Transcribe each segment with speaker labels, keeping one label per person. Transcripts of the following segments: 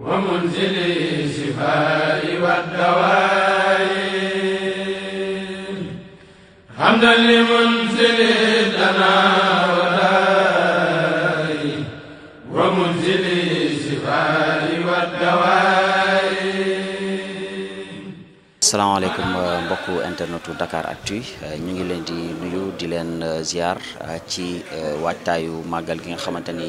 Speaker 1: ومنزل الشفاء والدواء حمدا لمنزل الدناء
Speaker 2: asalaamaaleykum euh, mbokku internetu Dakar Actu euh, ñu ngi leen di nuyu di leen euh, ziar ci waajtaayu màggal gi nga xamante ni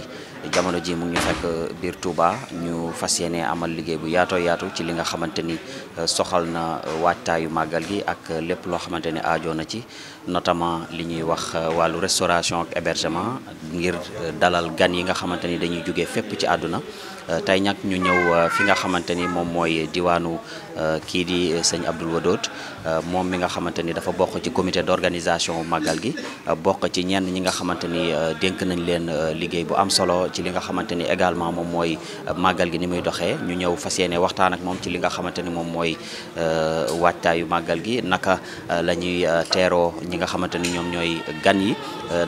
Speaker 2: jamono ji mu ngi fekk biir Touba ñu fas yéene amal liggéey bu yaatoo yaatu ci li nga xamante ni soxal na waajtaayu màggal gi ak lépp loo xamante ni aajoo na ci notamment li ñuy wax wàllu restauration ak hébergement ngir dalal gan yi nga xamante ni dañuy jóge fépp ci àdduna Euh, tey nag ñu ñëw euh, fi nga xamante ni moom mooy diwaanu euh, kii di sëñ Abdoul Wadoud moom mi nga xamante ni dafa bokk ci comité d'organisation màggal gi bokk ci ñenn ñi nga xamante ni dénk nañ leen liggéey bu am solo ci li nga xamante ni également moom mooy màggal gi ni muy doxee ñu ñëw fas yéene waxtaan ak moom ci li nga xamante ni moom mooy waajtaayu màggal gi naka la ñuy teeroo ñi nga xamante ni ñoom ñooy gan yi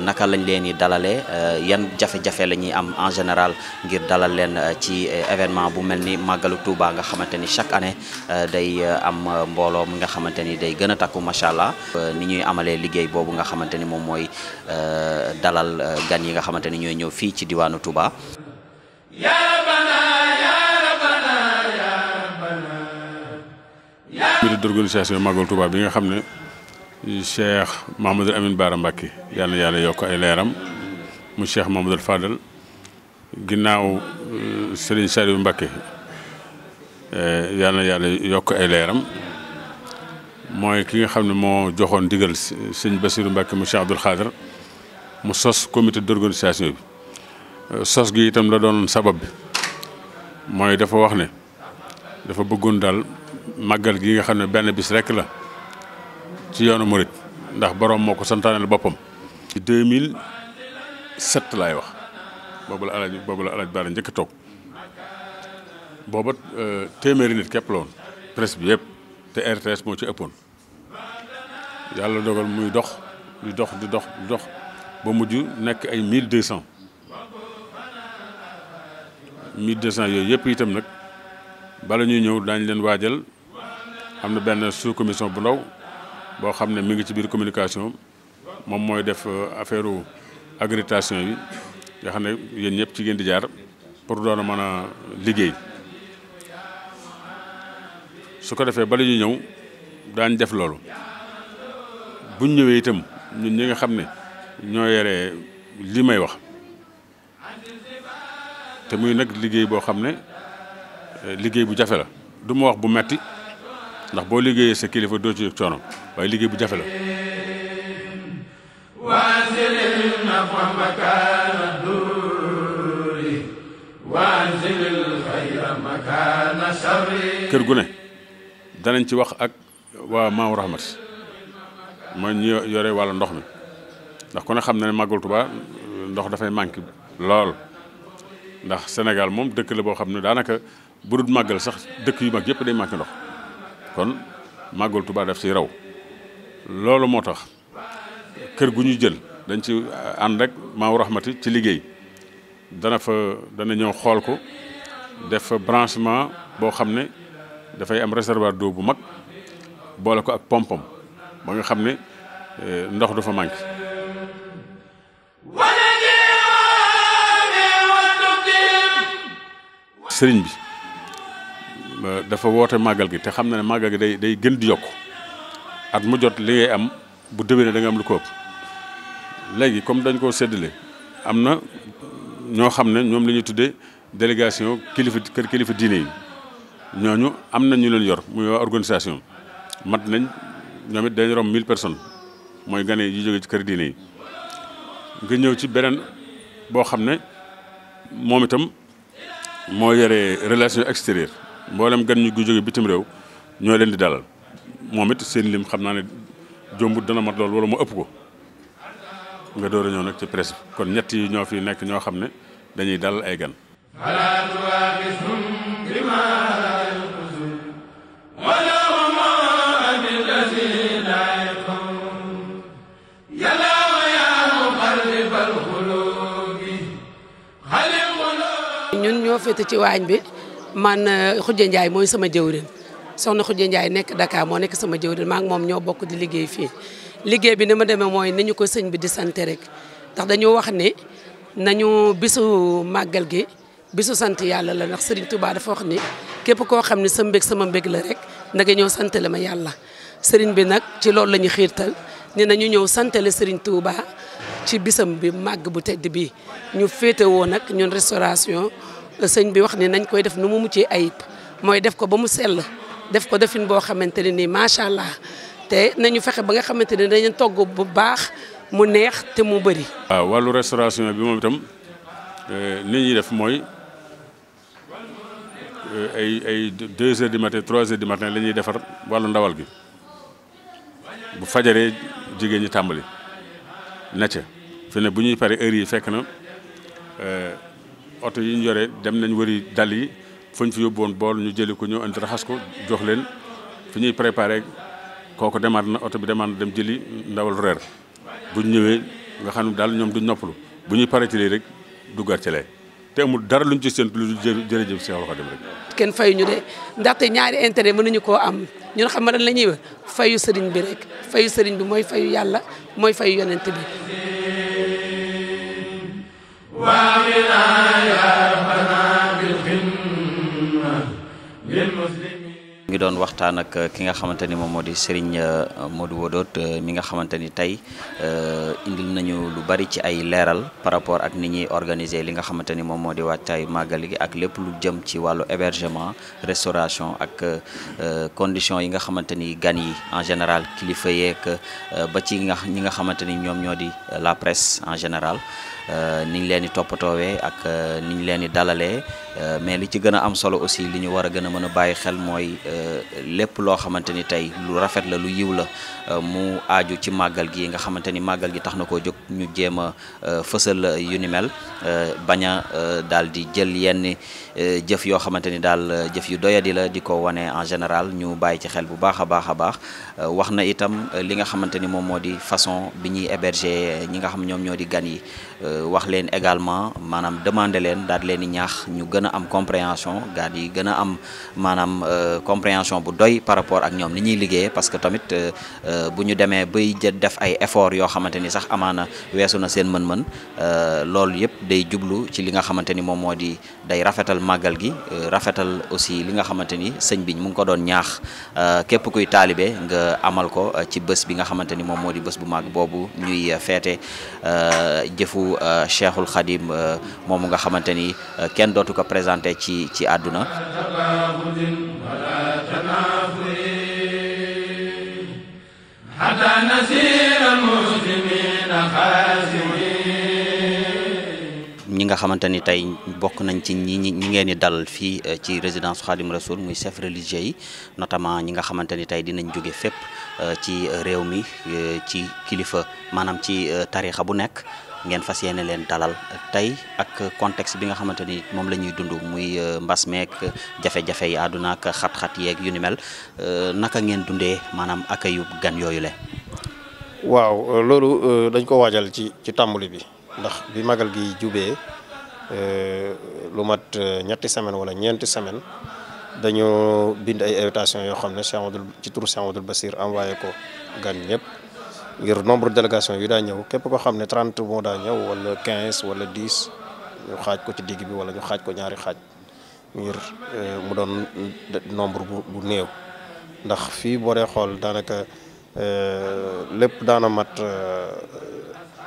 Speaker 2: naka lañ leen dalale dalalee yan jafe-jafe la ñuy am en général ngir leen ci ci eh, événement bu mel ni màggalu Touba nga xamante ni chaque année eh, day eh, am mbooloo mi nga xamante ni day gën a takku macha allah. ni ñuy amalee liggéey boobu nga xamante ni moom mooy dalal gan yi nga xamante
Speaker 3: ni ñooy ñëw fii ci diwaanu Touba. comité d'organisation màggal Touba bi nga xam ne Cheikh Mahamadul Amin Baara Mbàkke yàlla yàlla yokk ay leeram mu Cheikh Mahamadul Fadal ginnaaw Serigne Saliou Mbacké yal na yàlla yokk ay leeram mooy ki nga xam ne moo joxoon digal sëñ Bassirou Mbacké mu Cheikh Abdoul Khader mu sos comité d'organisation bi sos gi itam la doon sabab bi mooy dafa wax ne dafa bëggoon daal màggal gi nga xam ne benn bis rekk la ci yoonu murit ndax boroom moo ko santaaneel boppam ci 2007 laay wax boobu la alaaj boobu la alaaj baara njëkk toog booba euh, téméré nit képp la woon presse bi yépp te RTS moo ci ëppoon yàlla dogal muy dox di dox di dox di dox ba mujj nekk ay 1200 1200 cent yooyu yëpp itam nag bala ñuy ñëw daañu leen waajal am na benn sous commission bu ndaw boo xam ne mi ngi ci biir communication moom mooy def euh, affaire agritation yi nga xam ne yéen ñëpp ci ngeen di jaar pour doon a mën a liggéey su ko defee on ñu ñëw def loolu ñëwee itam ñun ñi nga xam ne ñoo yore wax te muy nag liggéey boo xam ne euh, liggéey bu la du wax bu metti ndax kilifa ci liggéey bu la kër danañ ci wax ak waa maamu rahmat mooy ñu yore wàllu ndox mi ndax ku ne xam na ne màggal Tuubaa euh, ndox dafay manqué lool ndax Sénégal moom dëkk la boo xam ne daanaka bu màggal sax dëkk yu mag yépp day manqué ndox kon màggal Tuubaa daf si raw loolu moo tax kër gu ñu jël dañ ci euh, ànd rek maamu rahmati ci liggéey dana fa dana ñëw xool ko def fa branchement boo xam ne dafay am réservoir d'eau bu mag boole ko ak pompam ba nga xam ne euh, ndox du fa manqué. sëriñ bi dafa woote màggal gi te xam na ne màggal gi day day gën di yokk at mu jot li ngay am bu déwénee da nga am lu ko ëpp léegi comme dañ koo séddale am na ñoo xam ne ñoom la ñuy tuddee délégation kilifa kër kilifa diine yi. ñooñu am na ñu leen yor muy waa organisation mat nañ ñoom it dañu romb 1000 personnes mooy gane yi jóge ci kër diine yi nga ñëw ci beneen boo xam ne moom itam moo yore relation extérieure mboolem gan ñu gu jóge bitim réew ñoo leen di dalal moom it seen lim xam naa ne jombut dana mat lool wala mu ëpp ko nga door a ñëw nag ci presse kon ñett yi ñoo fi nekk ñoo xam ne dañuy dalal ay gan.
Speaker 1: ñun ñoo féete ci waañ bi man euh, Khoudia Ndiaye mooy sama jëwriñ soxna Khoudia Ndiaye nekk dakaar moo nekk sama jëwriñ maa ngi moom ñoo bokk di liggéey fii liggéey bi ni ma demee mooy ni ñu ko sëñ bi di sant rek ndax dañoo wax ni nañu bisu màggal gi bisu sant yàlla la ndax Serigne Touba dafa wax ni képp koo xam ne sa mbég sama mbég la rek naka ñëw santale ma yàlla Serigne bi nag ci loolu la ñu xiirtal ni nañu ñëw santale Serigne tuubaa ci bisam bi màgg bu tedd bi ñu féetewoo nag ñun restauration sëñ bi wax ni nañ koy def nu mu muccee ayib mooy def ko ba mu sell def ko defin boo xamante ne nii macha allah te nañu fexe ba nga xamante ne dañu togg bu baax mu neex te mu bari
Speaker 3: waaw wàllu restauration bi moom itam euh, li ñuy def mooy euh, ay ay deux heures du matin trois heures di matin la ñuy defar wàllu ndawal bi bu fajaree jigéen ñi tàmbali. na ca fi ne bu ñuy pare heure yi fekk na euh, oto yi ñu yore dem nañ wëri dal yi fu ñu fi yóbboon bool ñu jëli ko ñëw andi raxas ko jox leen fu ñuy préparé kooku demaat na oto bi demaat na dem jëli ndawal reer bu ñu ñëwee nga xam ne daal ñoom duñ noppalu bu ñuy paree ci rek duggaat ci te amul dara luñ ci séntu lu jër Seex Xaadim rek.
Speaker 1: kenn fayuñu de ndaxte ñaari intérêt mënuñu ko am. ñun xam nga lan la ñuy wax fayu sëriñ bi rek fayu sëriñ bi mooy fayu yàlla mooy fayu yonent bi
Speaker 2: ngi doon waxtaan ak euh, ki nga xamante ni moom moo di moo euh, Modou Wodoot euh, mi nga xamante ni tey indi nañu lu bari ci ay leeral par rapport ak ni ñuy organiser li nga xamante ni moom moo di wàccaayu màggal gi ak lépp lu jëm ci wàllu hébergement restauration ak conditions yi nga xamante ni gan yi en général kilifa yeeg ba ci nga ñi nga xamante ni ñoom ñoo di la presse en général. Euh, ni ñu leen di toppatoowee ak euh, ni ñu leen di dalalee euh, mais li ci gën a am solo aussi li ñu war a gën a mën a bàyyi xel mooy lépp loo xamante ni tey lu rafet la lu yiw la mu aaju ci màggal gi nga xamante ni màggal gi tax na koo jóg ñu jéem a fësal yu ni mel bañ a daal di jël yenn jëf yoo xamante ni daal jëf yu doyadi la di ko wane en général ñu bàyyi ci xel bu baax a baax a baax wax na itam li nga xamante ni moom moo di façon bi ñuy héberger ñi nga xam ñoom ñoo di gan yi Euh, wax leen également manam demander leen dal leen ñaax ñu gëna am compréhension gaal yi gëna am manam euh, compréhension bu doy par rapport ak ñom ni ñi liggéeyee parce que tamit euh, bu ñu bay def ay effort yo xamanteni ni sax amana wessu na seen mën-mën lool yépp day jublu ci li nga xamanteni ni modi day rafetal magalgi, gi rafetal aussi li nga xamanteni ni biñ mu ngi ko doon ñaax képp kuy talibé nga amal ko ci bëss bi nga xamanteni ni modi bëss bu mag bobu ñuy feete jëfu liggéeyu Cheikhul Khadim euh, moomu nga xamante ni euh, kenn dootu ko présenté ci ci àdduna ñi nga xamante ni tey bokk nañ ci ñi ñi ngeen di dalal fii euh, ci résidence Khadim Rasoul muy chef religieux yi notamment ñi nga xamante ni tey dinañ jóge fépp ci réew mi ci kilifa maanaam ci tarixa bu nekk ngeen fasiyene len dalal tay ak contexte bi nga xamanteni mom lañuy mui muy euh, mbass mek jafe-jafe yi aduna ak khat xat yeeg yu ni mel euh, naka ngeen manam ak ayub gan yooyu le
Speaker 4: waaw euh, loolu dañ ko wajal ci ci tambuli bi ndax bi magal gi euh lu mat ñetti semaine wala ñenti semaine dañu bind ay invitation yo xamne Cheikh Amadou ci tour Cheikh Amadou Bassir envoyé ko gan ngir nombre de délégation yi daa ñëw képp ko xam ne 30 moo daa ñëw wala 15 wala 10 ñu xaaj ko ci digg bi wala ñu xaaj ko ñaari xaaj ngir euh, mu doon nombre bu bu néew ndax fii boo dee xool daanaka euh, lépp daana mat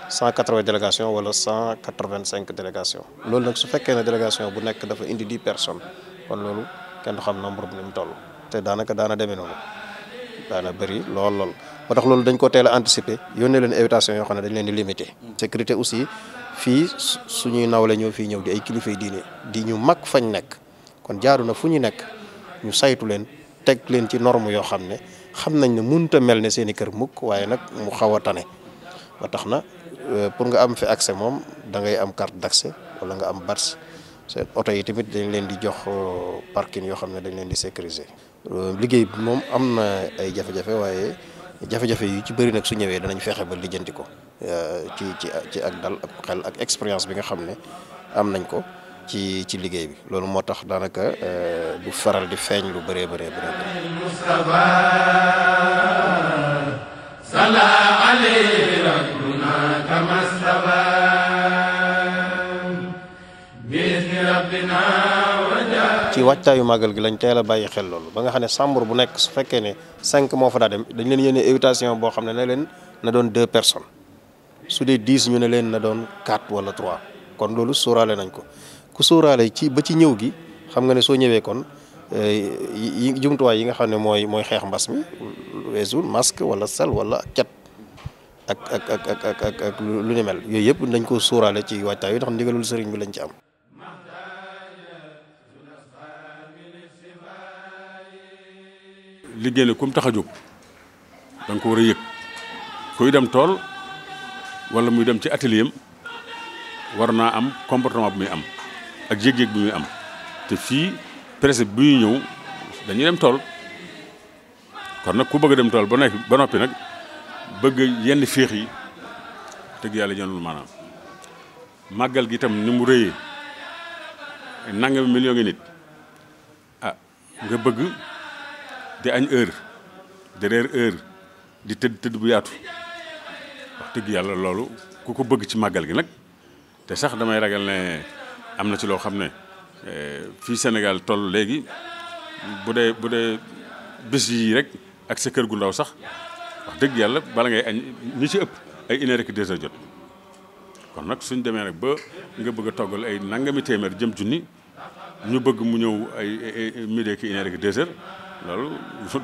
Speaker 4: 180 euh, délégation wala 185 délégation loolu nag su fekkee ne délégation bu nekk dafa indi di personnes kon loolu kenn du xam nombre bi ni mu toll te daanaka daana demee noonu daana bëri lool lool ba tax loolu dañ ko teel a anticiper yónnee leen invitation yoo xam dañ leen di limité. sécurité aussi fii suñuy nawle ñoo fii ñëw di ay kilifa yi di ñu mag fañ nekk kon jaaru na fu ñu nekk ñu saytu len teg leen ci norme yoo xam ne mel kër mukk waaye nag mu xaw a ba tax euh, pour nga am fi accès moom da ngay am carte d'accès wala nga am bars seen oto yi tamit dañ leen di jox euh, parking yoo xam ne dañ leen di sécuriser euh, liggéey bi am ay jafe-jafe waye jafé jafé yu ci bari nak su ñëwé dañu fexé ba lijjanti ko euh, ci ci ci ak dal ak xel ak expérience bi nga xamné am nañ ko ci ci liggéey bi loolu motax danaka euh, du faral di feeñ lu bëree bëree bëree. wàccaayu màggal gi lañ teel a bàyyi xel loolu ba nga xam ne chambre bu nekk su fekkee ne cinq moo fa daa dem dañ leen ne invitation boo xam ne na leen na doon deux personnes su dee dix ñu ne leen na doon quatre wala trois kon loolu sóoraale nañ ko ku sóoraale ci ba ci ñëw gi xam nga ne soo ñëwee kon eh, yi jumtuwaay yi nga xam ne mooy mooy xeex mbas mi weesul masque wala sel wala cat ak ak ak ak lu ni mel yooyu yëpp dañ ko sóoraale ci waajtaay yi ndax ndigalul
Speaker 3: sëriñ bi lañ ci am liggéey kum comme tax jóg da ko war a yëg kuy dem tool wala muy dem ci atelier am war naa am comportement bu muy am ak yëg-yëg bu muy am te fii presse bu ñuy ñëw dañuy dem tool kon nag ku bëgg dem tool ba nekk ba noppi nag bëgg yenn féex yi dëgg yàlla ñoonul maanaam màggal gi tam ni mu rëyee nangami million nit ah nga bëgg di añ heure di reer heure di tëdd tëdd bu yaatu wax dëgg yàlla loolu ku ko bëgg ci màggal gi nag te sax damay ragal ne am na ci loo xam ne eh, fii Sénégal toll léegi bu dee bu dee bés yii rek ak sa kër gu ndaw sax wax dëgg yàlla bala ngay añ ñi ci ëpp ay une heure heures jot kon nag suñ demee rek ba nga bëgg a toggal ay nangami téeméer jëm junni ñu bëgg mu ñëw ay midi ak une heure ak heures loolu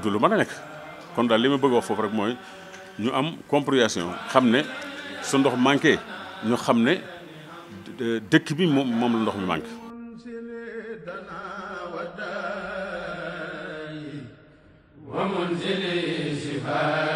Speaker 3: du lu ma a nekk kon daal li ma bëgg wax foofu rek mooy ñu am compréhension xam ne su ndox manqué ñu xam ne dëkk bi moom la ndox mi manqué
Speaker 1: wa munzili shifa